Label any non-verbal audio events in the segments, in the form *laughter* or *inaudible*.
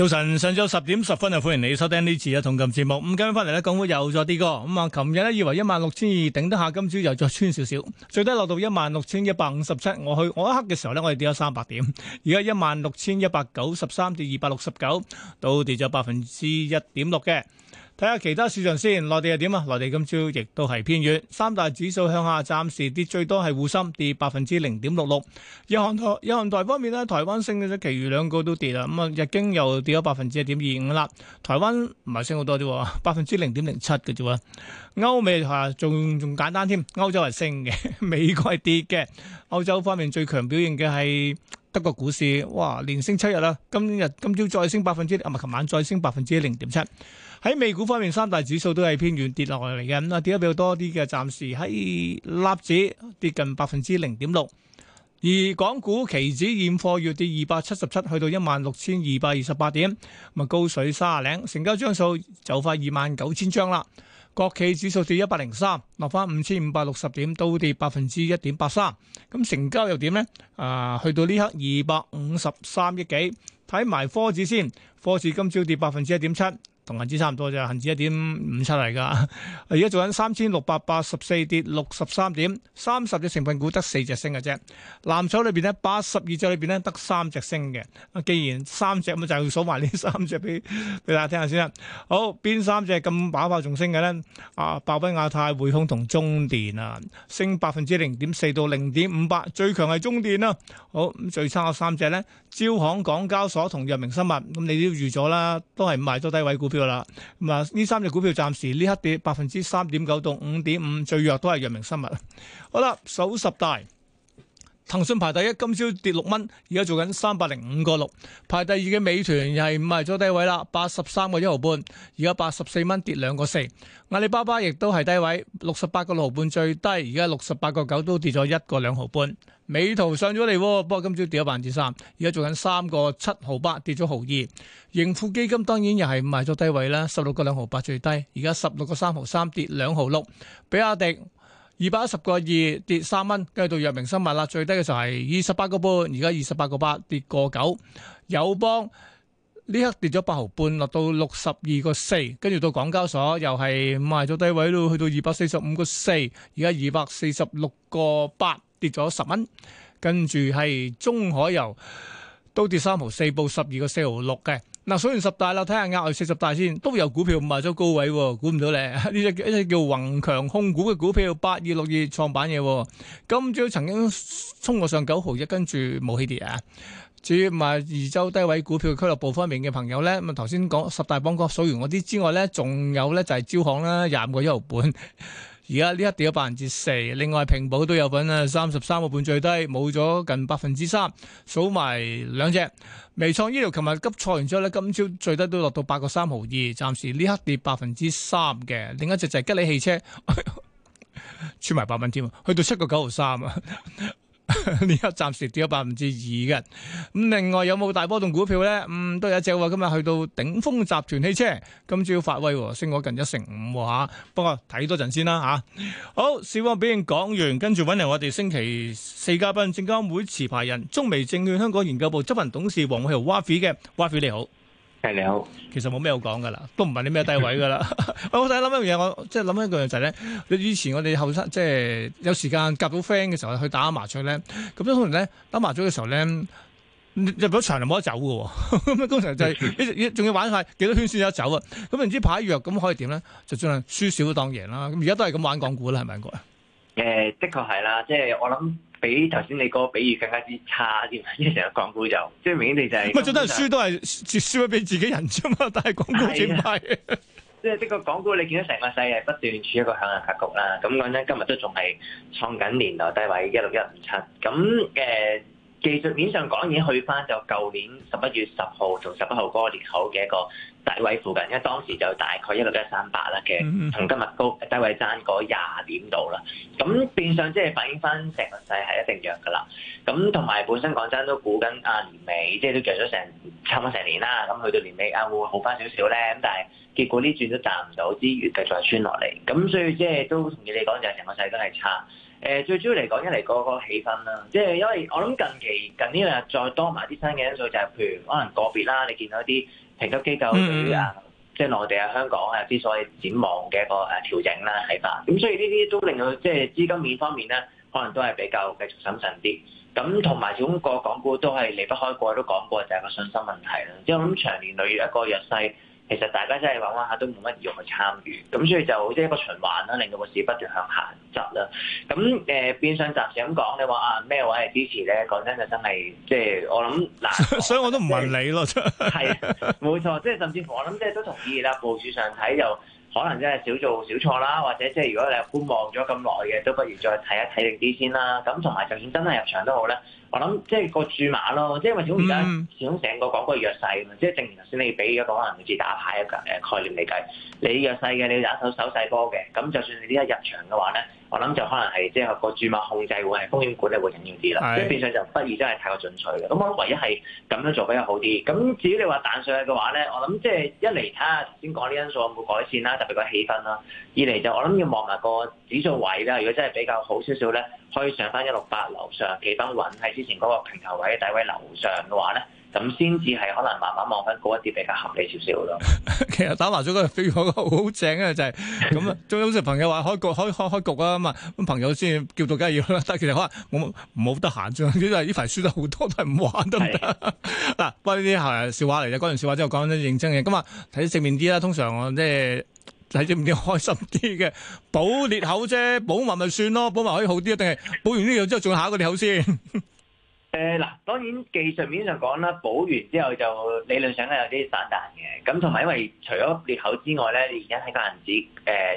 早晨，上晝十點十分啊，歡迎你收聽呢次嘅一桶金節目。咁今日翻嚟咧，港股又再跌過。咁啊，琴日咧以為一萬六千二頂得下，今朝又再穿少少，最低落到一萬六千一百五十七。我去我一刻嘅時候咧，我哋跌咗三百點。而家一萬六千一百九十三至二百六十九，9，都跌咗百分之一點六嘅。睇下其他市場先，內地係點啊？內地今朝亦都係偏軟，三大指數向下，暫時跌最多係滬深跌百分之零點六六。日韓台日韓台方面呢，台灣升嘅，其餘兩個都跌啦。咁啊，日經又跌咗百分之一點二五啦。台灣唔係升好多啫，百分之零點零七嘅啫。歐美啊，仲仲簡單添，歐洲係升嘅，美國係跌嘅。歐洲方面最強表現嘅係德國股市，哇，連升七日啦。今日今朝再升百分之，啊，琴晚再升百分之零點七。喺美股方面，三大指數都係偏軟跌落嚟嘅。咁啊，跌得比較多啲嘅，暫時喺納指跌近百分之零點六，而港股期指現貨月跌二百七十七，去到一萬六千二百二十八點，咁啊高水三啊零。成交張數就快二萬九千張啦。國企指數跌一百零三，落翻五千五百六十點，都跌百分之一點八三。咁成交又點呢？啊，去到呢刻二百五十三億幾。睇埋科指先，科指今朝跌百分之一點七。同恒指差唔多啫，恒指一點五七嚟噶。而家做緊三千六百八十四跌六十三點，三十隻成分股得四隻升嘅啫。藍籌裏邊咧，八十二隻裏邊咧得三隻升嘅。既然三隻咁，就數埋呢三隻俾俾大家聽下先啦。好，邊三隻咁爆發仲升嘅咧？啊，爆品亞太、匯控同中電啊，升百分之零點四到零點五八。最強係中電啦、啊。好，咁最差嘅三隻咧，招行、港交所同藥明生物。咁你都預咗啦，都係賣多低位股。票啦，咁啊呢三隻股票暫時呢刻跌百分之三點九到五點五，最弱都係藥明生物啊。好啦，首十大。騰訊排第一，今朝跌六蚊，而家做緊三百零五個六。排第二嘅美團又係賣咗低位啦，八十三個一毫半，而家八十四蚊跌兩個四。阿里巴巴亦都係低位，六十八個六毫半最低，而家六十八個九都跌咗一個兩毫半。美圖上咗嚟，不過今朝跌咗百分之三，而家做緊三個七毫八，跌咗毫二。盈富基金當然又係賣咗低位啦，十六個兩毫八最低，而家十六個三毫三跌兩毫六。比亞迪二百一十個二跌三蚊，跟住到藥明生物啦，最低嘅就係二十八個半，而家二十八個八跌個九。友邦呢刻跌咗八毫半，落到六十二個四，跟住到港交所又係賣咗低位囉，去到二百四十五個四，而家二百四十六個八跌咗十蚊，跟住係中海油都跌三毫四，報十二個四毫六嘅。嗱，數、啊、完十大啦，睇下額外四十大先，都有股票賣咗高位，哦，估唔到你，呢 *laughs* 隻叫隻叫宏強控股嘅股票，八二六二創板嘢，哦，今朝曾經衝過上九毫一，跟住冇起跌啊。至於買二周低位股票俱樂部方面嘅朋友咧，咁啊頭先講十大榜講數完嗰啲之外咧，仲有咧就係招行啦，廿五個一毫本。而家呢一刻跌咗百分之四，另外平保都有份啊，三十三個半最低，冇咗近百分之三，數埋兩隻微創醫療，琴日急挫完之後咧，今朝最低都落到八個三毫二，暫時呢一刻跌百分之三嘅，另一隻就係吉利汽車，穿埋八蚊添啊，去到七個九毫三啊。 *laughs* 而家暫時跌咗百分之二嘅，咁另外有冇大波動股票咧？嗯，都有一隻喎，今日去到鼎豐集團汽車，今朝發威，升咗近一成五喎嚇，不過睇多陣先啦吓，好，市況表現講完，跟住揾嚟我哋星期四嘉賓，證監會持牌人中微證券香港研究部執行董事黃偉豪 Wafi 嘅，Wafi 你好。誒，你好，其實冇咩好講噶啦，都唔係你咩低位噶啦。 *laughs* *laughs* 我我想諗一樣嘢，我即係諗一樣就係、是、咧，以前我哋後生即係有時間夾到 friend 嘅時候去打麻雀咧，咁通常咧打麻雀嘅時候咧入咗場就冇得走噶，咁通常就係、是、仲要玩晒幾多圈先得走啊。咁唔知牌弱咁可以點咧？就盡量輸少當贏啦。咁而家都係咁玩港股啦，係咪啊？誒， *laughs* 的確係啦，即係我諗。比頭先你個比喻更加之差啲，因為成日港股就即係明顯地就係，唔係最多係輸都係輸輸咗俾自己人啫嘛。但係港股點睇？即係呢個港股，你見到成個世係不斷處一個向下格局啦。咁講咧，今日都仲係創緊年代低位 7,，一六一五七。咁誒技術面上講，已經去翻就舊年十一月十號同十一號嗰個裂口嘅一個。低位附近，因為當時就大概一六一三百啦嘅，同今日高低位爭過廿點度啦。咁變相即係反映翻成個勢係一定弱噶啦。咁同埋本身講真都估緊啊年尾，即係都着咗成差唔多成年啦。咁去到年尾啊會，會好翻少少咧。咁但係結果呢轉都賺唔到，之餘繼續係穿落嚟。咁所以即係都同意你講，就係成個勢都係差。誒最主要嚟講，一嚟個個氣氛啦，即係因為我諗近期近呢兩日再多埋啲新嘅因素、就是，就係譬如可能個別啦，你見到一啲。評級機構對於啊，mm hmm. 即係內地啊、香港啊之所以展望嘅一個誒調整啦係吧？咁所以呢啲都令到即係資金面方面咧，可能都係比較繼續審慎啲。咁同埋整個港股都係離不開過去都講過就係個信心問題啦。即係我諗長年累月一個弱勢。其實大家真係玩玩下都冇乜用去參與，咁所以就即係一個循環啦，令到個市不斷向下執啦。咁誒、呃，變相暫時咁講，你話啊咩位係支持咧？講真就真係即係我諗嗱， *laughs* 即所以我都唔問你咯。係 *laughs* 冇錯，即係甚至乎我諗即係都同意啦。部署上睇就可能真係少做少錯啦，或者即係如果你係觀望咗咁耐嘅，都不如再睇一睇定啲先啦。咁同埋就算真係入場都好咧。我諗即係個注碼咯，即係因為始終而家始終成個港股係弱勢嘅，即係正如頭先你俾一個可能似打牌一個概念嚟計，你弱勢嘅你入一手手勢波嘅，咁就算你呢一入場嘅話咧，我諗就可能係即係個注碼控制會係風險管理會緊要啲啦，是即係變相就不宜真係太過進取嘅。咁我唯一係咁樣做比較好啲。咁至於你話彈上去嘅話咧，我諗即係一嚟睇下頭先講啲因素有冇改善啦，特別個氣氛啦；二嚟就我諗要望埋個指數位啦，如果真係比較好少少咧。可以上翻一六八樓上，幾分穩喺之前嗰個平台位第一位樓上嘅話咧，咁先至係可能慢慢望翻高一啲比較合理少少咯。 *laughs* 其實打麻雀嗰個非常好，好正嘅就係咁啊！仲有 *laughs* 朋友話開局開開開局啊嘛，咁朋友先叫到梗係要啦。但係其實可能我冇得閒啫，呢排輸得好多都係唔玩得唔得。嗱，不過呢啲係笑話嚟嘅，講完笑話之後講啲認真嘅。咁啊，睇正面啲啦，通常我即係。睇啲唔啲開心啲嘅，補裂口啫，補埋咪算咯，補埋可以好啲，定係補完呢樣之後，仲要下個裂口先。誒嗱，當然技術面上講啦，補完之後就理論上咧有啲反彈嘅。咁同埋因為除咗裂口之外咧，你而家睇個恒指誒，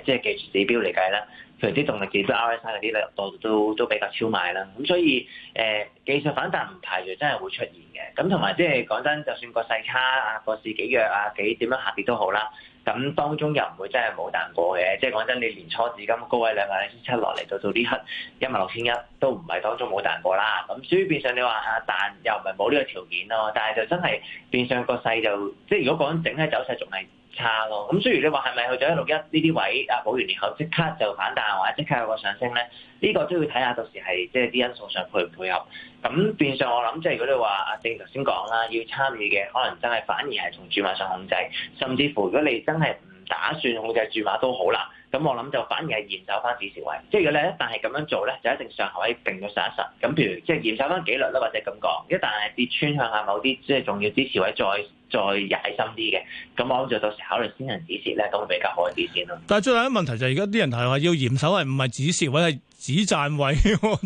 即係技術指標嚟計啦，譬如啲動力指標 RSI 嗰啲都多都都比較超賣啦。咁所以誒技術反彈唔排除真係會出現嘅。咁同埋即係講真，就算個勢差啊、個市幾弱啊、幾點樣下跌都好啦。咁當中又唔會真係冇彈過嘅，即係講真，你年初至今高位兩萬兩千七落嚟到到呢刻一萬六千一都唔係當中冇彈過啦。咁所以變相你話啊彈又唔係冇呢個條件咯，但係就真係變相個勢就即係如果講整體走勢仲係。差咯，咁雖然你話係咪去咗一六一呢啲位，啊補完後即刻就反彈，或者即刻有個上升咧？呢個都要睇下到時係即係啲因素上配唔配合。咁變相我諗，即係如果你話阿正頭先講啦，要參與嘅可能真係反而係從注碼上控制，甚至乎如果你真係唔打算控制注碼都好啦。咁我諗就反而係延守翻指示位，即係如果你一旦係咁樣做咧就一定上頭位定咗上一十。咁譬如即係延守翻紀律啦，或者咁講，一旦係跌穿向下某啲即係重要支持位再。再踩深啲嘅，咁我諗就到時考慮先行止蝕咧，咁會比較好啲先咯。但係最大嘅問題就係而家啲人係話要嚴守係唔係止蝕位係止賺位，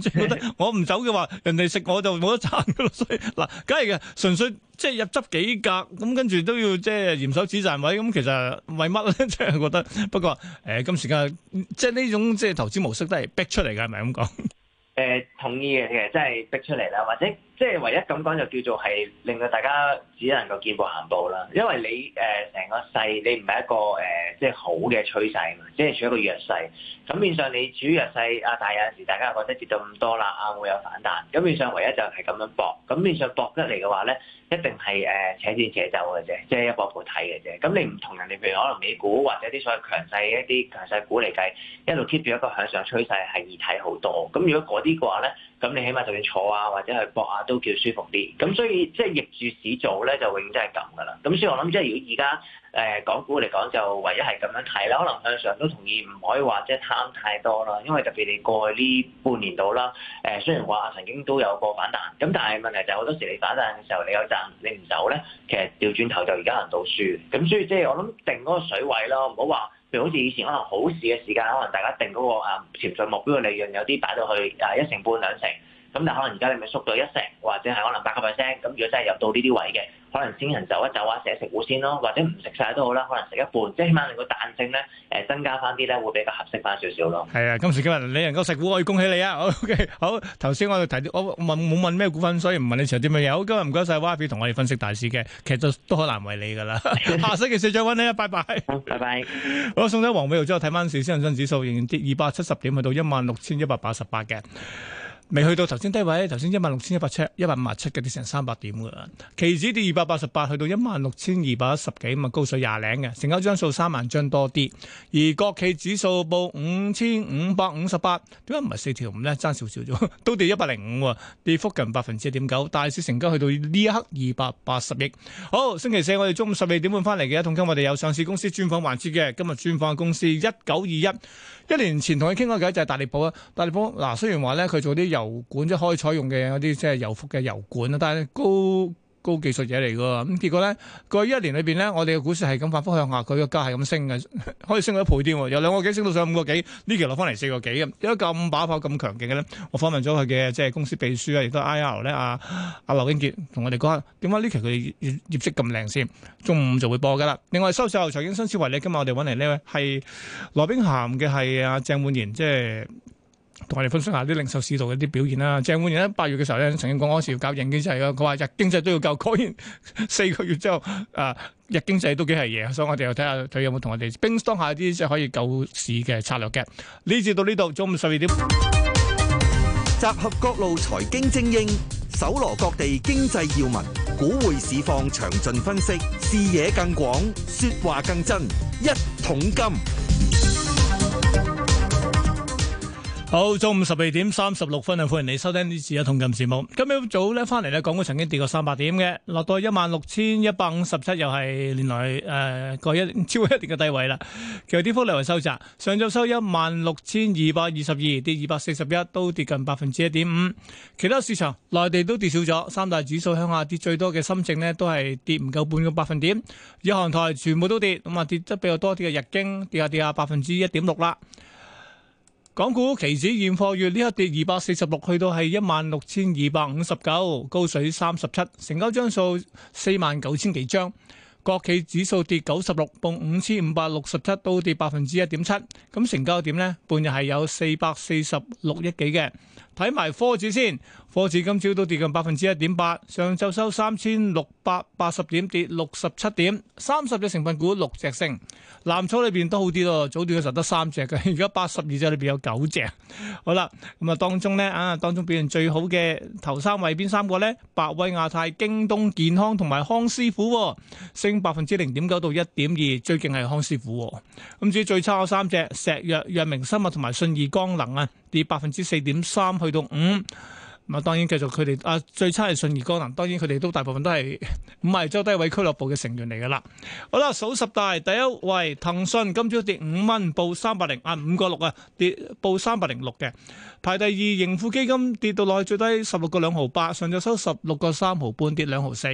即係 *laughs* 覺得我唔走嘅話，人哋食我就冇得賺噶咯。所以嗱，梗係嘅，純粹即係入執幾格，咁跟住都要即係嚴守止賺位，咁其實為乜咧？即 *laughs* 係覺得不過誒、呃，今時今日即係呢種即係投資模式都係逼出嚟嘅，係咪咁講？誒、呃，同意嘅其實，真係逼出嚟啦，或者。即係唯一咁講就叫做係令到大家只能夠見步行步啦，因為你誒成個勢你唔係一個誒即係好嘅趨勢嘛，即係處一個弱勢。咁變相你處弱勢，但大有陣時大家覺得跌到咁多啦，啊會有反彈。咁變相唯一就係咁樣搏。咁變相搏得嚟嘅話咧，一定係誒扯線扯走嘅啫，即係一步步睇嘅啫。咁你唔同人哋，譬如可能美股或者啲所謂強勢一啲強勢股嚟計，一路 keep 住一個向上趨勢係易睇好多。咁如果嗰啲嘅話咧。咁你起碼就算坐啊或者係搏啊都叫舒服啲，咁所以即係逆住市做咧就永遠真係咁噶啦。咁所以我諗即係如果而家誒港股嚟講就唯一係咁樣睇啦，可能向上都同意唔可以話即係貪太多啦，因為特別你過去呢半年度啦誒雖然話曾經都有過反彈，咁但係問題就係好多時你反彈嘅時候你有賺你唔走咧，其實掉轉頭就而家行到輸。咁所以即係我諗定嗰個水位咯，唔好話。譬如好似以前可能好市嘅時間，可能大家定嗰個啊潛在目標嘅利潤，有啲擺到去啊一成半兩成。咁但可能而家你咪縮到一成，或者係可能八個 percent。咁如果真係入到呢啲位嘅，可能先人走一走啊，食一食股先咯，或者唔食晒都好啦，可能食一半，即係起碼令個彈性咧，誒、呃、增加翻啲咧，會比較合適翻少少咯。係啊，今時今日你能夠食股，我要恭喜你啊！o、okay, k 好。頭先我提，我問冇問咩股份，所以唔問你持有啲乜嘢。好，今日唔該晒，Wade 同我哋分析大市嘅，其實都好難為你㗎啦。 *laughs* 下星期四再揾你啊！拜拜，好，拜拜。 *laughs* 好，送走黃偉豪之後，睇翻市，先上證指數仍然跌二百七十點，去到一萬六千一百八十八嘅。未去到頭先低位，頭先一萬六千一百七、一百五十七嘅，跌成三百點嘅，期指跌二百八十八，去到一萬六千二百一十幾咁啊，高水廿零嘅，成交張數三萬張多啲，而國企指數報五千五百五十八，點解唔係四條五咧？爭少少咗，都跌一百零五，跌幅近百分之一點九，大市成交去到呢一刻二百八十億。好，星期四我哋中午十二點半翻嚟嘅，一桶金我哋有上市公司專訪環節嘅，今日專訪嘅公司一九二一，一年前同你傾過偈，就係大利保啊，大利保嗱，雖然話咧佢做啲油管，即係可以採用嘅一啲即係油服嘅油管啊，但係高高技術嘢嚟噶。咁結果咧，過去一年裏邊咧，我哋嘅股市係咁反覆向下，佢嘅價係咁升嘅， *laughs* 可以升到一倍添，由兩個幾升到上五個幾，呢期落翻嚟四個幾咁，點解咁爆炮咁強勁嘅咧？我訪問咗佢嘅即係公司秘書 IR, 啊，亦都 I R 咧啊，阿劉英杰同我哋講下點解呢期佢哋業績咁靚先，中午就會播噶啦。另外收市後財經新思維你。今日我哋揾嚟呢位係羅冰涵嘅，啊，係阿鄭煥賢即係。同我哋分析下啲零售市道嘅一啲表現啦。鄭婉儀喺八月嘅時候咧，曾經講嗰時要救應經濟咯。佢話日經濟都要救，果然四個月之後，啊、呃，日經濟都幾係嘢。所以我哋又睇下佢有冇同我哋冰凍下一啲即係可以救市嘅策略嘅。呢次到呢度，中午十二點，集合各路財經精英，搜羅各地經濟要聞，股匯市況詳盡分析，視野更廣，說話更真，一桶金。好，中午十二點三十六分啊！歡迎你收聽呢次嘅《同感節目》。今日早咧翻嚟咧，港股曾經跌過三百點嘅，落到 16,、呃、一萬六千一百五十七，又係年來誒個一超過一年嘅低位啦。其實跌幅嚟話收窄，上晝收一萬六千二百二十二，跌二百四十一，都跌近百分之一點五。其他市場，內地都跌少咗，三大指數，向下跌最多嘅深證呢，都係跌唔夠半個百分點。以韓台全部都跌，咁啊跌得比較多啲嘅日經跌下跌下百分之一點六啦。跌跌跌跌港股期指現貨月呢一刻跌二百四十六，去到係一萬六千二百五十九，高水三十七，成交張數四萬九千幾張。國企指數跌九十六，報五千五百六十七，都跌百分之一點七。咁成交點呢，半日係有四百四十六億幾嘅。睇埋科指先。波市今朝都跌近百分之一點八，上晝收三千六百八十點，跌六十七點，三十隻成分股六隻升，藍籌裏邊都好啲咯。早段嘅時候得三隻嘅，而家八十二隻裏邊有九隻。好啦，咁啊當中呢啊，當中表現最好嘅頭三位邊三個呢？百威亞太、京東健康同埋康師傅，升百分之零點九到一點二，最勁係康師傅。咁至於最差嘅三隻，石藥、藥明生物同埋信義光能啊，跌百分之四點三去到五。咁啊，當然繼續佢哋啊，最差係信義光能。當然佢哋都大部分都係唔係周低位俱樂部嘅成員嚟㗎啦。好啦，數十大第一位，騰訊今朝跌五蚊，報三百零啊，五個六啊，跌報三百零六嘅。排第二，盈富基金跌到落去最低十六個兩毫八，上晝收十六個三毫半，跌兩毫四。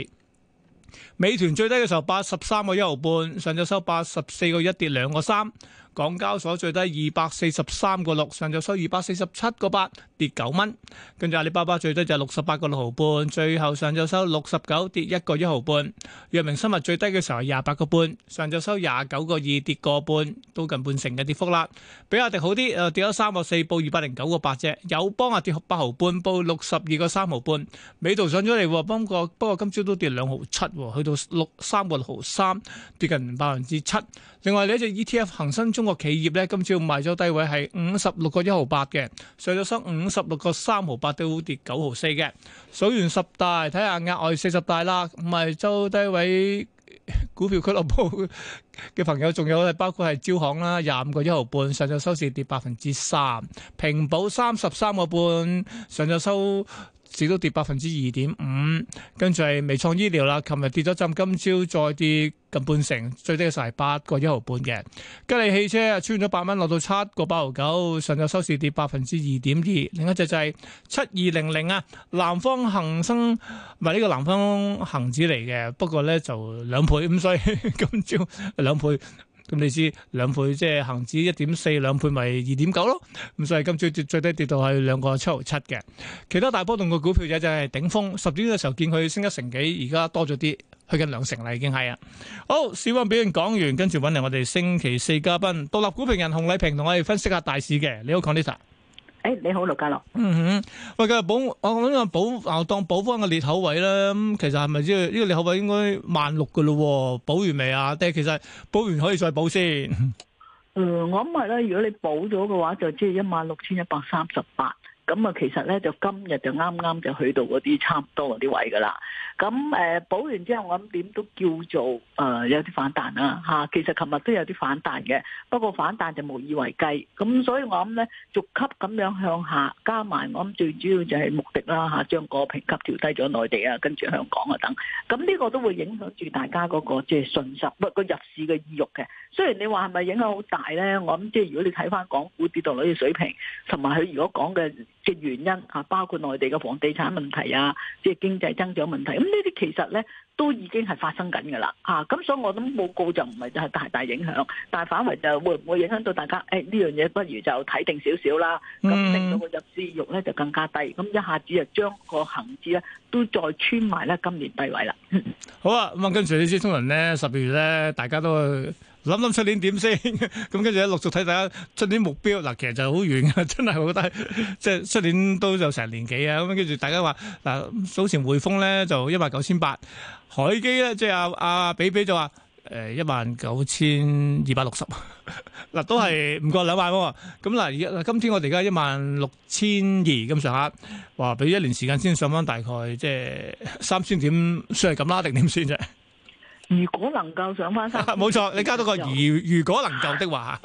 美團最低嘅時候八十三個一毫半，上晝收八十四個一，跌兩個三。港交所最低二百四十三個六，上晝收二百四十七個八，跌九蚊。跟住阿里巴巴最低就六十八個六毫半，最後上晝收六十九，跌一個一毫半。藥明生物最低嘅時候係廿八個半，上晝收廿九個二，跌個半，都近半成嘅跌幅啦。比亞迪好啲，誒跌咗三個四，報二百零九個八隻。友邦啊跌八毫半，報六十二個三毫半。美圖上咗嚟，不過不過今朝都跌兩毫七，去到六三個六毫三，跌近百分之七。另外呢隻 ETF 恒生中。中國企業咧今朝賣咗低位係五十六個一毫八嘅，上咗收五十六個三毫八，都跌九毫四嘅。數完十大，睇下額外四十大啦，唔係周低位股票俱樂部嘅朋友，仲有係包括係招行啦，廿五個一毫半，上晝收市跌百分之三，平保三十三個半，上晝收。市都跌百分之二點五，跟住係微創醫療啦，琴日跌咗浸，今朝再跌近半成，最低嘅係八個一毫半嘅。吉利汽車啊，穿咗八蚊落到七個八毫九，上晝收市跌百分之二點二。另一隻就係七二零零啊，南方恒生唔係呢個南方恒指嚟嘅，不過咧就兩倍，咁所以今朝兩倍。咁你知兩倍即係恒指一點四，兩倍咪二點九咯。咁所以今朝最最低跌到係兩個七毫七嘅。其他大波動嘅股票就即係頂峰，十點嘅時候見佢升一成幾，而家多咗啲，去緊兩成啦，已經係啊。好，市況表現講完，跟住揾嚟我哋星期四嘉賓、獨立股評人洪禮平同我哋分析下大市嘅。你好，Conny。誒，你好，陸家樂。嗯哼，喂，繼續補，我諗啊補，啊當補翻個裂口位啦。咁其實係咪即係呢個裂口位應該萬六嘅咯？補完未啊？定係其實補完可以再補先。誒，我諗係啦。如果你補咗嘅話，就即係一萬六千一百三十八。咁啊，其實咧就今日就啱啱就去到嗰啲差唔多嗰啲位噶啦。咁誒補完之後，我諗點都叫做誒、呃、有啲反彈啦嚇。其實琴日都有啲反彈嘅，不過反彈就無以為繼。咁所以我諗咧逐級咁樣向下加埋，我諗最主要就係目的啦嚇、啊，將個評級調低咗內地啊，跟住香港啊等,等。咁呢個都會影響住大家嗰個即係信心，唔係個入市嘅意欲嘅。雖然你話係咪影響好大咧，我諗即係如果你睇翻港股跌度率嘅水平，同埋佢如果講嘅。嘅原因啊，包括內地嘅房地產問題啊，即係經濟增長問題，咁呢啲其實咧都已經係發生緊㗎啦，嚇、啊、咁所以我諗冇告就唔係就係大大影響，但係反為就會唔會影響到大家？誒、哎、呢樣嘢不如就睇定少少啦，咁令到個入市慾咧就更加低，咁一下子就將個恆指咧都再穿埋咧今年低位啦。嗯、好啊，咁啊跟住支先生呢，十二月咧大家都。諗諗出年點先？咁跟住咧陸續睇大家出年目標。嗱，其實就係好遠嘅，真係好低，即係出年都就成年幾啊。咁跟住大家話，嗱，早前匯豐咧就一萬九千八，海基咧即係阿阿比比就話，誒一萬九千二百六十。嗱， *laughs* 都係唔過兩萬。咁嗱，而家嗱，今天我哋而家一萬六千二咁上下，話俾一年時間先上返大概即係三千點算係咁啦，定點算啫？ *laughs* 如果能夠上翻三，冇錯，你加多個如如果能夠的話，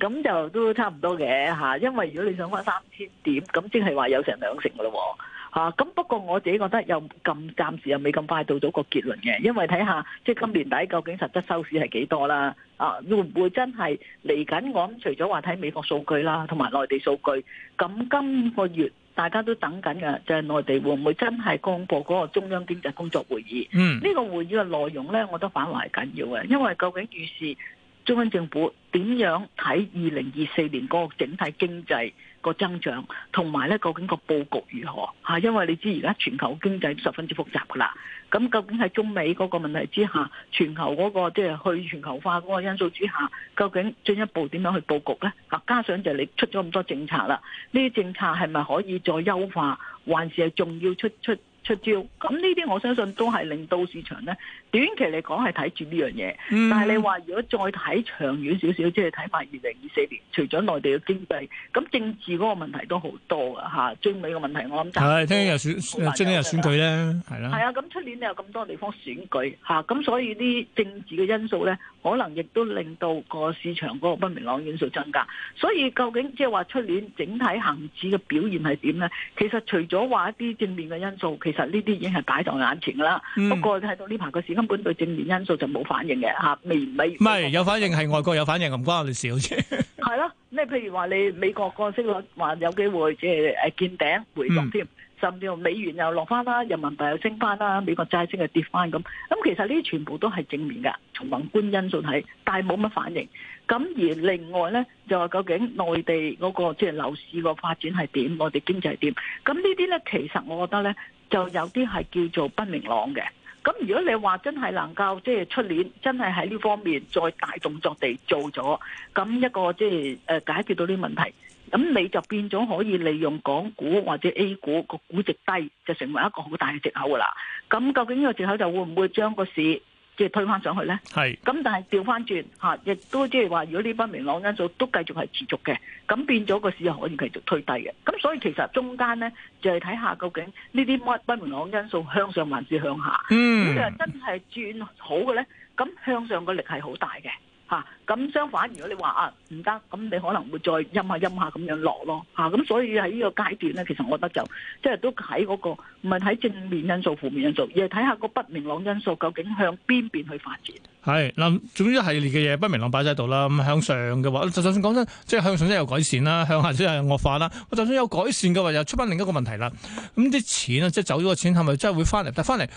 咁就都差唔多嘅嚇。因為如果你想上翻三千點，咁即係話有成兩成嘅咯喎嚇。咁不過我自己覺得又咁暫時又未咁快到咗個結論嘅，因為睇下即係今年底究竟實質收市係幾多啦啊？會唔會真係嚟緊？我諗除咗話睇美國數據啦，同埋內地數據，咁今個月。大家都等緊嘅，就係、是、內地會唔會真係公佈嗰個中央經濟工作會議？呢 *noise* 個會議嘅內容呢，我覺得反話係緊要嘅，因為究竟預示中央政府點樣睇二零二四年嗰個整體經濟？個增長同埋咧，究竟個布局如何吓？因為你知而家全球經濟十分之複雜噶啦。咁究竟喺中美嗰個問題之下，全球嗰個，即係去全球化嗰個因素之下，究竟進一步點樣去布局咧？嗱，加上就你出咗咁多政策啦，呢啲政策係咪可以再優化，還是係仲要出出？出招咁呢啲，我相信都係令到市場咧，短期嚟講係睇住呢樣嘢。嗯、但係你話如果再睇長遠少少，即係睇埋二零二四年，除咗內地嘅經濟，咁政治嗰個問題都好多噶吓，中、啊、美嘅問題我諗就係聽日選聽日選舉咧，係啦的。係啊的，咁出年你有咁多地方選舉吓，咁、啊、所以啲政治嘅因素咧，可能亦都令到個市場嗰個不明朗因素增加。所以究竟即係話出年整體恆指嘅表現係點咧？其實除咗話一啲正面嘅因素，其實就呢啲已經係擺在眼前啦。不過睇到呢排個市根本對正面因素就冇反應嘅嚇，未未唔係有反應，係外國有反應，唔關我哋事好似。係咯，咩譬如話你美國個息率話有機會即係誒見頂回落添，甚至乎美元又落翻啦，人民幣又升翻啦，美國債息又跌翻咁。咁其實呢啲全部都係正面嘅，從宏觀因素睇，但係冇乜反應。咁而另外咧就話究竟內地嗰個即係樓市個發展係點，我哋經濟係點？咁呢啲咧其實我覺得咧。就有啲係叫做不明朗嘅，咁如果你話真係能夠即係出年真係喺呢方面再大動作地做咗，咁一個即係誒解決到啲問題，咁你就變咗可以利用港股或者 A 股個估值低，就成為一個好大嘅藉口噶啦。咁究竟呢個藉口就會唔會將個市？即係推返上去咧，係。咁 *noise* 但係調返轉吓，亦都即係話，如果呢不明朗因素都繼續係持續嘅，咁變咗個市又可以繼續推低嘅。咁所以其實中間咧，就係睇下究竟呢啲乜不明朗因素向上還是向下？嗯，咁 *noise* 就真係轉好嘅咧，咁向上個力係好大嘅。嚇，咁相反，如果你話啊唔得，咁你可能會再陰下陰下咁樣落咯嚇。咁、啊、所以喺呢個階段咧，其實我覺得就即係都喺嗰、個唔係睇正面因素、負面因素，而係睇下個不明朗因素究竟向邊邊去發展。係嗱，總之一系列嘅嘢不明朗擺曬度啦。咁向上嘅話，就就算講真，即係向上即係有改善啦；向下即係惡化啦。我就算有改善嘅話，又出翻另一個問題啦。咁啲錢啊，即係走咗個錢，係咪真係會翻嚟？但係翻嚟。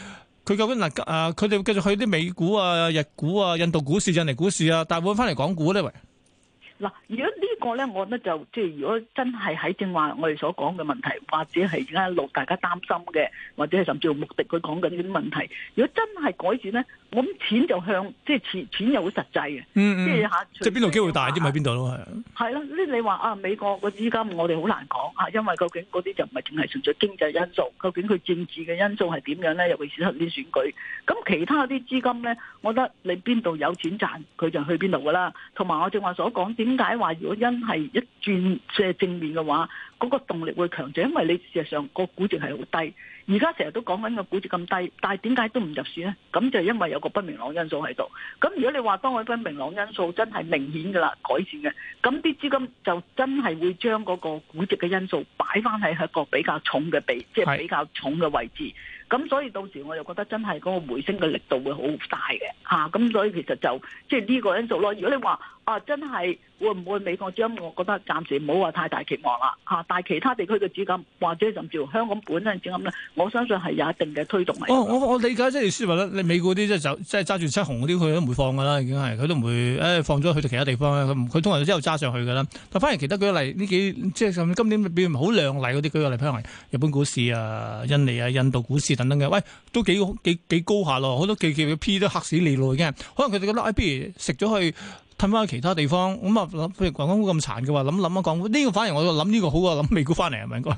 佢究竟嗱啊，佢哋會繼續去啲美股啊、日股啊、印度股市、印尼股市啊，大會翻嚟港股咧？喂，嗱，如果呢個咧，我覺得就即係如果真係喺正話我哋所講嘅問題，或者係而家一路大家擔心嘅，或者係甚至乎目的佢講緊呢啲問題，如果真係改善咧？咁錢就向，即係錢錢又好實際嘅，即係下即係邊度機會大啲咪邊度咯？係係啦，呢你話啊，美國個資金我哋好難講嚇，因為究竟嗰啲就唔係淨係純粹經濟因素，究竟佢政治嘅因素係點樣咧？尤其是出年選舉，咁其他啲資金咧，我覺得你邊度有錢賺，佢就去邊度噶啦。同埋我正話所講，點解話如果因係一轉即正面嘅話，嗰、那個動力會強咗，因為你事實上個估值係好低。而家成日都講緊個估值咁低，但係點解都唔入選咧？咁就因為有個不明朗因素喺度。咁如果你話當佢不明朗因素真係明顯㗎啦，改善嘅，咁啲資金就真係會將嗰個估值嘅因素擺翻喺一個比較重嘅比，即係比較重嘅位置。咁所以到時我就覺得真係嗰個回升嘅力度會好大嘅嚇。咁，啊，所以其實就即係呢個因素咯。如果你話啊，真係。會唔會美國資金？我覺得暫時唔好話太大期望啦嚇、啊。但係其他地區嘅資金，或者甚至香港本身資金咧，我相信係有一定嘅推動力、哦。我我理解即係説話咧，你、就是、美國啲即係走，即係揸住七紅嗰啲，佢都唔會放㗎啦。已經係佢都唔會誒、哎、放咗去到其他地方佢通常之後揸上去㗎啦。但反而其他舉例呢幾即係今年表現好亮麗嗰啲舉例譬如嚟日本股市啊、印尼啊、印度股市等等嘅，喂都幾幾幾高下咯。好多記記嘅 P 都嚇死你耐嘅。可能佢哋覺得誒，不如食咗去。趁翻其他地方，咁啊諗，譬如港股咁殘嘅話，諗諗啊，港股呢個反而我諗呢個好啊，諗美股翻嚟係咪應該？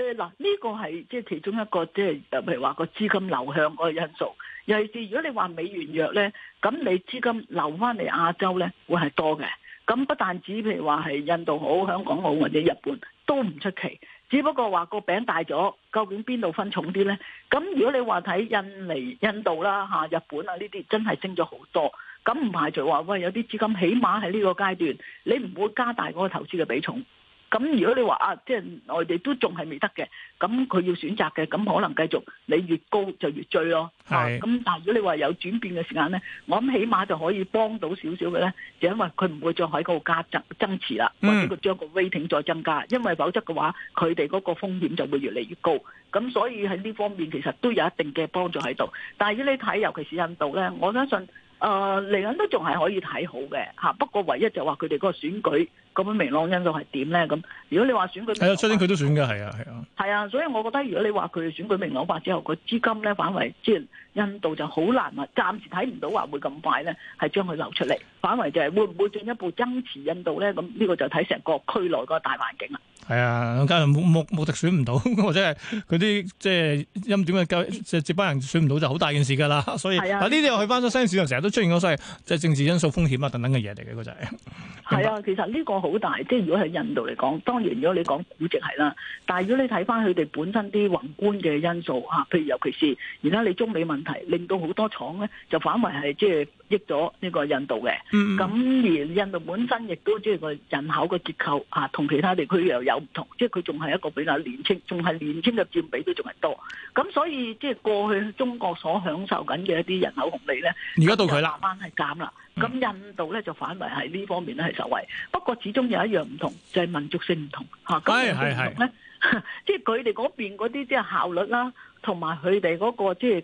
誒嗱，呢個係即係其中一個，即係譬如話個資金流向嗰個因素。尤其是如果你話美元弱咧，咁你資金流翻嚟亞洲咧，會係多嘅。咁不但止，譬如話係印度好、香港好或者日本都唔出奇。只不過話個餅大咗，究竟邊度分重啲咧？咁如果你話睇印尼、印度啦、嚇日本啊呢啲，真係升咗好多。咁唔排除話，喂，有啲資金起碼喺呢個階段，你唔會加大嗰個投資嘅比重。咁如果你話啊，即係內地都仲係未得嘅，咁佢要選擇嘅，咁可能繼續你越高就越追咯。係。咁但係如果你話有轉變嘅時間咧，我諗起碼就可以幫到少少嘅咧，就因為佢唔會再喺嗰個加增增持啦，或者佢將個 rating 再增加。因為否則嘅話，佢哋嗰個風險就會越嚟越高。咁所以喺呢方面其實都有一定嘅幫助喺度。但係如果你睇，尤其是印度咧，我相信。誒嚟緊都仲係可以睇好嘅嚇、啊，不過唯一就話佢哋嗰個選舉咁樣明朗，印度係點咧？咁如果你話選舉，睇到出年佢都選嘅，係啊，係啊，係啊，所以我覺得如果你話佢選舉明朗化之後，個資金咧反為即係印度就好難啊，暫時睇唔到話會咁快咧，係將佢流出嚟，反為就係會唔會進一步增持印度咧？咁呢個就睇成個區內個大環境啦。係啊，加上目目目睇選唔到，或者係佢啲即係陰端嘅即係接班人選唔到就好大件事噶啦。所以啊，呢啲又去翻咗新市場又成日都出現嗰啲即係政治因素風險啊等等嘅嘢嚟嘅，嗰就係、是。係啊，是其實呢個好大，即係如果喺印度嚟講，當然如果你講估值係啦，但係如果你睇翻佢哋本身啲宏觀嘅因素啊，譬如尤其是而家你中美問題，令到好多廠咧就反為係即係。益咗呢個印度嘅，咁而印度本身亦都即係個人口嘅結構啊，同其他地區又有唔同，即係佢仲係一個比較年輕，仲係年輕嘅佔比都仲係多。咁所以即係過去中國所享受緊嘅一啲人口紅利咧，而家到佢啦，慢慢係減啦。咁印度咧就反為係呢方面咧係受惠，不過始終有一樣唔同就係民族性唔同嚇。係係係。咧，即係佢哋嗰邊嗰啲即係效率啦，同埋佢哋嗰個即係。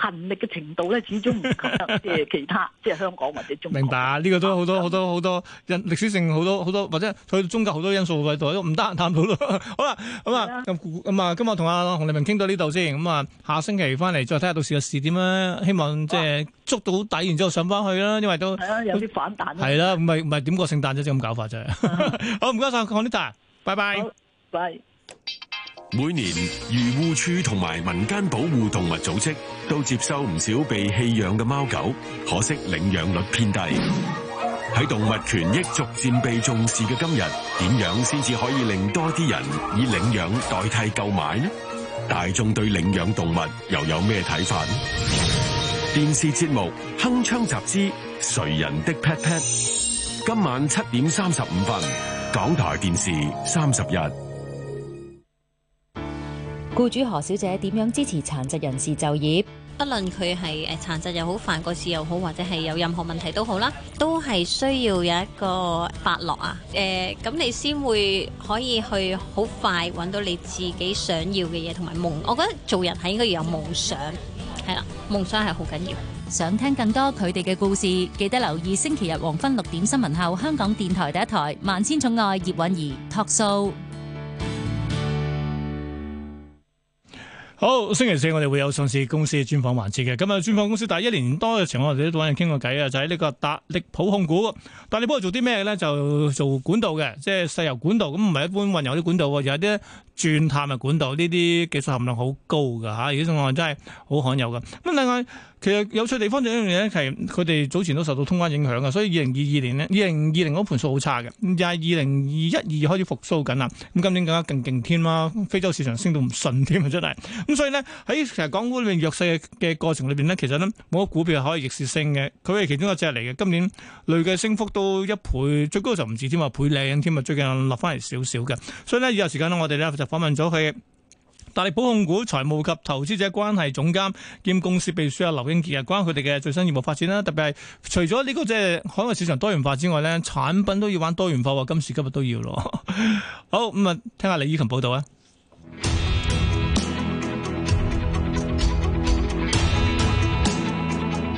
勤力嘅程度咧，始終唔及得即係其他，即係香港或者中國。明白，呢個都好多好多好多因歷史性好多好多，或者佢中國好多因素喺度，都唔得探到咯。好啦，咁啊咁啊，今日同阿洪立明傾到呢度先。咁啊，下星期翻嚟再睇下到時嘅市點啦。希望即係捉到底，然之後上翻去啦。因為都係啊，有啲反彈。係啦，唔係唔係點過聖誕啫？即係咁搞法啫。好，唔該曬，講呢單，拜拜，拜。每年漁護處同埋民間保護動物組織都接收唔少被棄養嘅貓狗，可惜領養率偏低。喺動物權益逐漸被重視嘅今日，點樣先至可以令多啲人以領養代替購買呢？大眾對領養動物又有咩睇法？電視節目《鏗鏘集之》，誰人的 pet pet？今晚七點三十五分，港台電視三十日。雇主何小姐點樣支持殘疾人士就業？不論佢係誒殘疾又好，犯過事又好，或者係有任何問題都好啦，都係需要有一個法落啊！誒、呃，咁你先會可以去好快揾到你自己想要嘅嘢、同埋夢。我覺得做人係應該要有夢想，係啊，夢想係好緊要。想聽更多佢哋嘅故事，記得留意星期日黃昏六點新聞後，香港電台第一台《萬千寵愛葉韻儀》Talk Show。好，星期四我哋會有上市公司嘅專訪環節嘅。咁啊，專訪公司，但係一年多嘅情況，我哋都揾人傾過偈啊。就喺、是、呢個達力普控股，達力普係做啲咩咧？就做管道嘅，即係石油管道，咁唔係一般運油啲管道，而係啲。轉探嘅管道呢啲技術含量好高噶嚇，而呢種案真係好罕有噶。咁另外，其實有趣地方就一樣嘢，其實佢哋早前都受到通關影響嘅，所以二零二二年呢，二零二零嗰盤數好差嘅，又係二零二一二開始復甦緊啦。咁今年更加更勁添啦，非洲市場升到唔順添啊出嚟。咁所以呢，喺其實港股裏面弱勢嘅嘅過程裏邊呢，其實呢，冇個股票係可以逆市升嘅，佢係其中一隻嚟嘅。今年累計升幅都一倍，最高就唔止添啊，倍靚添啊，最近落翻嚟少少嘅。所以呢，以後時間我哋咧。訪問咗佢，大力保控股財務及投資者關係總監兼公司秘書阿劉英杰，關於佢哋嘅最新業務發展啦，特別係除咗呢個即係海外市場多元化之外咧，產品都要玩多元化喎，今時今日都要咯。 *laughs* 好，咁啊，聽下李依琴報道啊。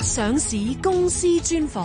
上市公司專訪。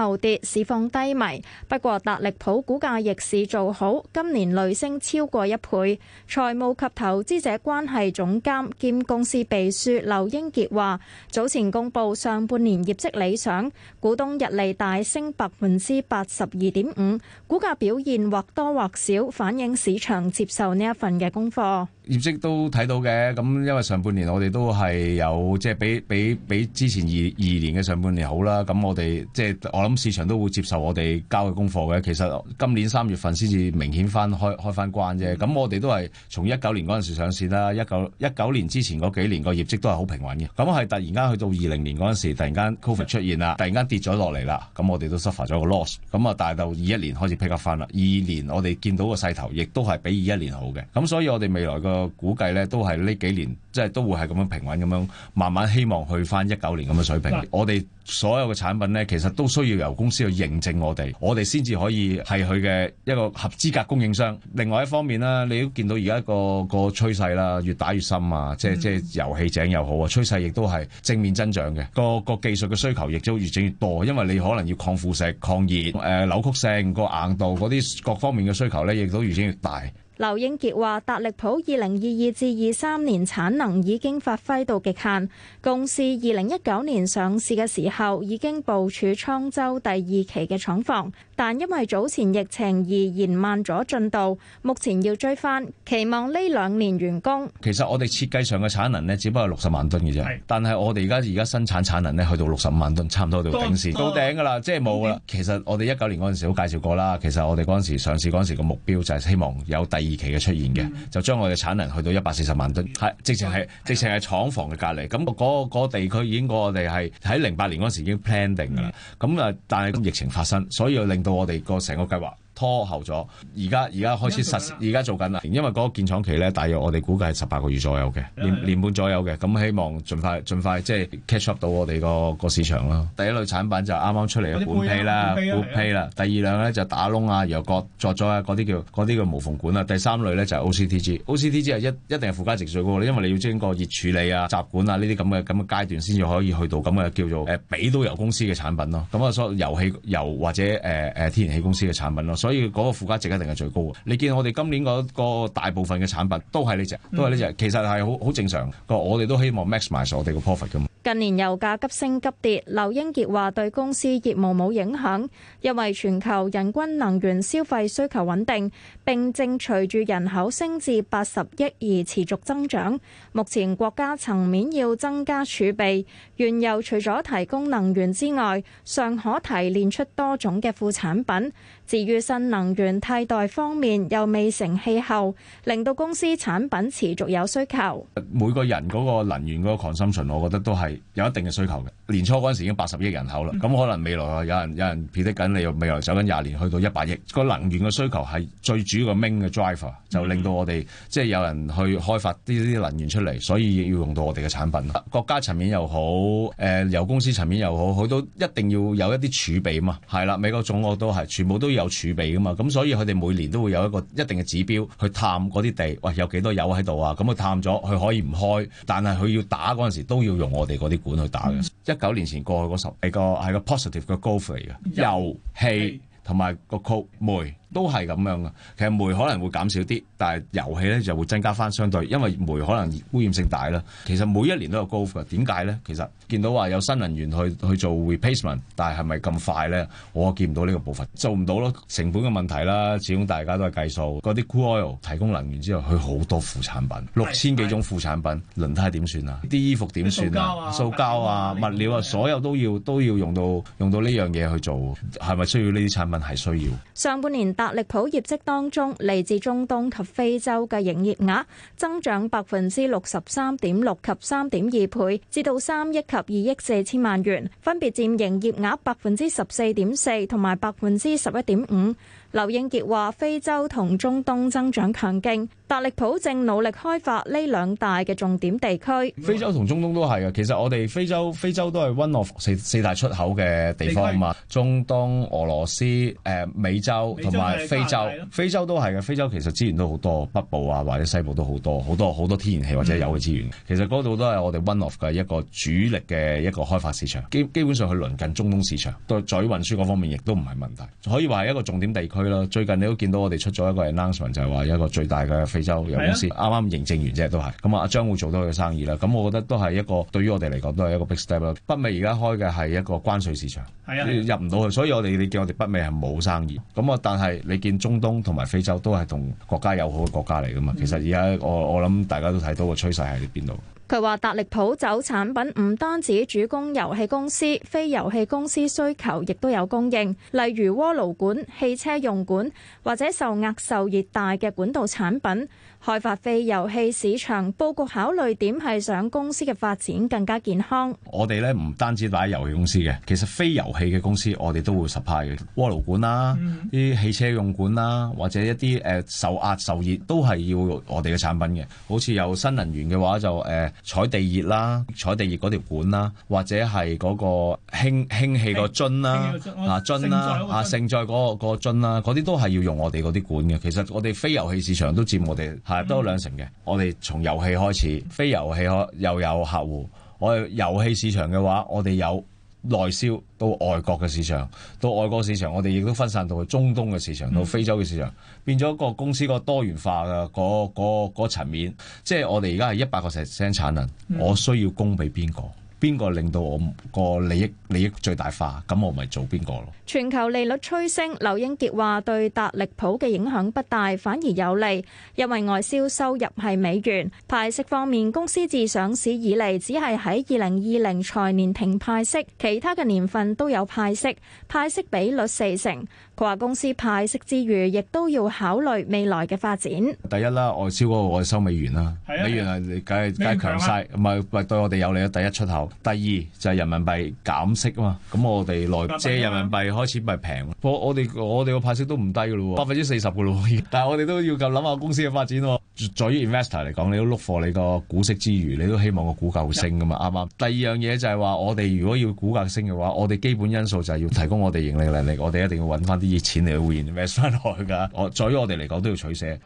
後跌，市況低迷，不過達力普股價逆市做好，今年累升超過一倍。財務及投資者關係總監兼公司秘書劉英傑話：早前公布上半年業績理想，股東日利大升百分之八十二點五，股價表現或多或少反映市場接受呢一份嘅功課。業績都睇到嘅，咁因為上半年我哋都係有，即係比比比之前二二年嘅上半年好啦。咁我哋即係我諗市場都會接受我哋交嘅功課嘅。其實今年三月份先至明顯翻開開翻關啫。咁我哋都係從一九年嗰陣時上線啦，一九一九年之前嗰幾年個業績都係好平穩嘅。咁係突然間去到二零年嗰陣時，突然間 Covid 出現啦，突然間跌咗落嚟啦。咁我哋都 suffer 咗個 loss。咁啊，大到二一年開始 pick up 翻啦。二二年我哋見到個勢頭，亦都係比二一年好嘅。咁所以我哋未來個個估計呢，都係呢幾年，即係都會係咁樣平穩咁樣，慢慢希望去返一九年咁嘅水平。 *noise* 我哋所有嘅產品呢，其實都需要由公司去認證我哋，我哋先至可以係佢嘅一個合資格供應商。另外一方面呢，你都見到而家一個個趨勢啦，越打越深啊，即係即係油氣井又好啊，趨勢亦都係正面增長嘅。個個技術嘅需求亦都越整越多，因為你可能要抗腐蝕、抗熱、誒、呃、扭曲性、個硬度嗰啲各方面嘅需求呢，亦都越整越大。劉英杰話：達力普二零二二至二三年產能已經發揮到極限。公司二零一九年上市嘅時候，已經部署滄州第二期嘅廠房，但因為早前疫情而延慢咗進度，目前要追翻，期望呢兩年完工。其實我哋設計上嘅產能呢，只不過係六十萬噸嘅啫，是但係我哋而家而家生產產能呢，去到六十五萬噸，差唔多到頂線，到頂噶啦，即係冇啦。其實我哋一九年嗰陣時都介紹過啦，其實我哋嗰陣時上市嗰陣時嘅目標就係希望有第二。 *noise* 二期嘅出現嘅，就將我哋嘅產能去到一百四十萬噸，係、嗯、直情係、嗯、直情係廠房嘅隔離。咁嗰、那個那個嗰個嗰個地區已經過我哋係喺零八年嗰時已經 planning 㗎啦。咁啊，但係咁疫情發生，所以又令到我哋個成個計劃。拖後咗，而家而家開始實，而家做緊啦。因為嗰個建廠期咧，大約我哋估計係十八個月左右嘅，年年半左右嘅。咁希望盡快盡快即係 catch up 到我哋個個市場啦。第一類產品就啱啱出嚟嘅管坯啦，管坯啦。第二類咧就是、打窿啊，又割作咗啊，嗰啲叫嗰啲叫無縫管啊。第三類咧就係、是、OCTG，OCTG 係一一定係附加值最高嘅喎，因為你要經過熱處理啊、集管啊呢啲咁嘅咁嘅階段先至可以去到咁嘅叫做誒畀到油公司嘅產品咯。咁啊，所油氣油或者誒誒、呃、天然氣公司嘅產品咯，所所以嗰個附加值一定係最高嘅。你見我哋今年嗰個大部分嘅產品都係呢隻，都係呢隻，其實係好好正常嘅。我哋都希望 max 埋晒我哋個 profit 咁。近年油價急升急跌，劉英傑話對公司業務冇影響，因為全球人均能源消費需求穩定，並正隨住人口升至八十億而持續增長。目前國家層面要增加儲備，原油除咗提供能源之外，尚可提煉出多種嘅副產品。至於新能源替代方面又未成氣候，令到公司產品持續有需求。每個人嗰個能源嗰個 consumption，我覺得都係有一定嘅需求嘅。年初嗰陣時已經八十億人口啦，咁、嗯、可能未來啊有人有人撇剔緊，你未來走緊廿年去到一百億個能源嘅需求係最主要嘅 main 嘅 driver，就令到我哋即係有人去開發啲啲能源出嚟，所以要用到我哋嘅產品。嗯、國家層面又好，誒、呃、由公司層面又好，佢都一定要有一啲儲備嘛。係啦，美國總額都係全部都要。.有儲備噶嘛？咁所以佢哋每年都會有一個一定嘅指標去探嗰啲地，喂，有幾多油喺度啊？咁佢探咗，佢可以唔開，但係佢要打嗰陣時都要用我哋嗰啲管去打嘅。一九、嗯、年前過去嗰十係個係個 positive 嘅 g o 高嚟嘅油氣同埋個曲梅。都係咁樣嘅，其實煤可能會減少啲，但係油氣咧就會增加返相對，因為煤可能污染性大啦。其實每一年都有高嘅，點解咧？其實見到話有新能源去去做 replacement，但係係咪咁快咧？我見唔到呢個部分，做唔到咯，成本嘅問題啦，始終大家都係計數。嗰啲 oil 提供能源之後，佢好多副產品，六千幾種副產品，輪胎點算啊？啲衣服點算啊？塑膠啊、塑膠啊、物料啊，所有都要都要用到用到呢樣嘢去做，係咪需要呢啲產品？係需要。需要上半年。達力普業績當中，嚟自中東及非洲嘅營業額增長百分之六十三點六及三點二倍，至到三億及二億四千萬元，分別佔營業額百分之十四點四同埋百分之十一點五。劉應傑話：非洲同中東增長強勁。達力普正努力開發呢兩大嘅重點地區，非洲同中東都係嘅。其實我哋非洲，非洲都係 one of 四四大出口嘅地方啊嘛。是中東、俄羅斯、誒、呃、美洲同埋非，非洲，非洲都係嘅。非洲其實資源都好多，北部啊或者西部都好多，好多好多天然氣或者油嘅資源。嗯、其實嗰度都係我哋 one of 嘅一個主力嘅一個開發市場。基基本上佢鄰近中東市場，在運輸嗰方面亦都唔係問題，可以話係一個重點地區啦。最近你都見到我哋出咗一個 announcement，就係話一個最大嘅飛非洲有限公司啱啱認證完啫，都係咁啊，將會做到佢嘅生意啦。咁我覺得都係一個對於我哋嚟講都係一個 big step 啦。北美而家開嘅係一個關稅市場，係啊，你入唔到去，所以我哋你見我哋北美係冇生意。咁啊，但係你見中東同埋非洲都係同國家友好嘅國家嚟㗎嘛？其實而家我我諗大家都睇到個趨勢喺邊度。佢話達力普酒產品唔單止主攻油氣公司，非油氣公司需求亦都有供應，例如鍋爐管、汽車用管或者受壓受熱大嘅管道產品。開發非遊戲市場，佈局考慮點係想公司嘅發展更加健康。我哋咧唔單止擺喺遊戲公司嘅，其實非遊戲嘅公司我哋都會實派嘅鍋爐管啦，啲汽車用管啦，或者一啲誒、呃、受壓受熱都係要用我哋嘅產品嘅。好似有新能源嘅話，就誒採地熱啦，採地熱嗰條管啦，或者係嗰個氫氫氣個樽啦，啊樽啦，啊盛載嗰、那個、那個樽啦，嗰啲都係要用我哋嗰啲管嘅。其實我哋非遊戲市場都佔我哋。係多兩成嘅，我哋從遊戲開始，非遊戲又有客戶。我遊戲市場嘅話，我哋有內銷到外國嘅市場，到外國市場我哋亦都分散到去中東嘅市場，到非洲嘅市場，變咗個公司個多元化嘅嗰嗰嗰層面。即係我哋而家係一百個 percent 產能，我需要供俾邊個？邊個令到我個利益利益最大化？咁我咪做邊個咯？全球利率趨升，劉英傑話對達力普嘅影響不大，反而有利，因為外銷收入係美元。派息方面，公司自上市以嚟只係喺二零二零財年停派息，其他嘅年份都有派息，派息比率四成。佢話公司派息之餘，亦都要考慮未來嘅發展。第一啦，外銷嗰個外收美元啦，美元係梗係梗係強晒，唔係唔係對我哋有利啊！第一出口。第二就係、是、人民幣減息啊嘛，咁我哋來、啊、借人民幣開始咪平，我我哋我哋個派息都唔低噶咯喎，百分之四十噶咯，但係我哋都要咁諗下公司嘅發展喎、啊。在於 investor 嚟講，你都 look 貨你個股息之餘，你都希望個股價升噶嘛，啱啱、嗯？第二樣嘢就係話，我哋如果要股價升嘅話，我哋基本因素就係要提供我哋盈利能力， *laughs* 我哋一定要揾翻啲熱錢嚟去 i n invest 翻落去噶。於我，在於我哋嚟講都要取捨。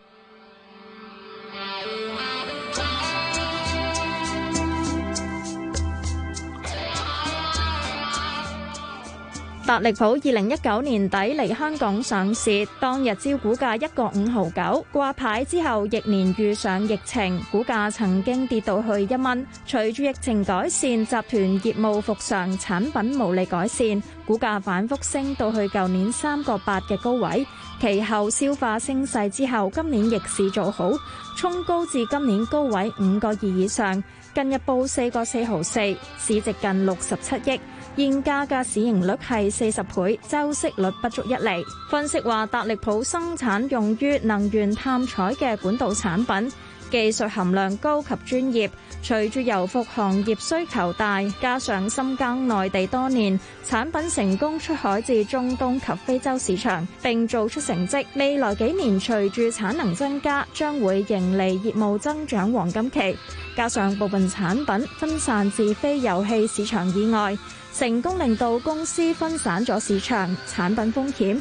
達力普二零一九年底嚟香港上市，當日招股價一個五毫九，掛牌之後翌年遇上疫情，股價曾經跌到去一蚊。隨住疫情改善，集團業務復常，產品毛利改善，股價反復升到去舊年三個八嘅高位。其後消化升勢之後，今年逆市做好，沖高至今年高位五個二以上。近日報四個四毫四，市值近六十七億。現價嘅市盈率係四十倍，周息率率不足一厘。分析話，達力普生產用於能源探採嘅管道產品。技術含量高及專業，隨住油服行業需求大，加上深耕內地多年，產品成功出海至中東及非洲市場並做出成績。未來幾年隨住產能增加，將會迎嚟業務增長黃金期。加上部分產品分散至非油氣市場以外，成功令到公司分散咗市場產品風險。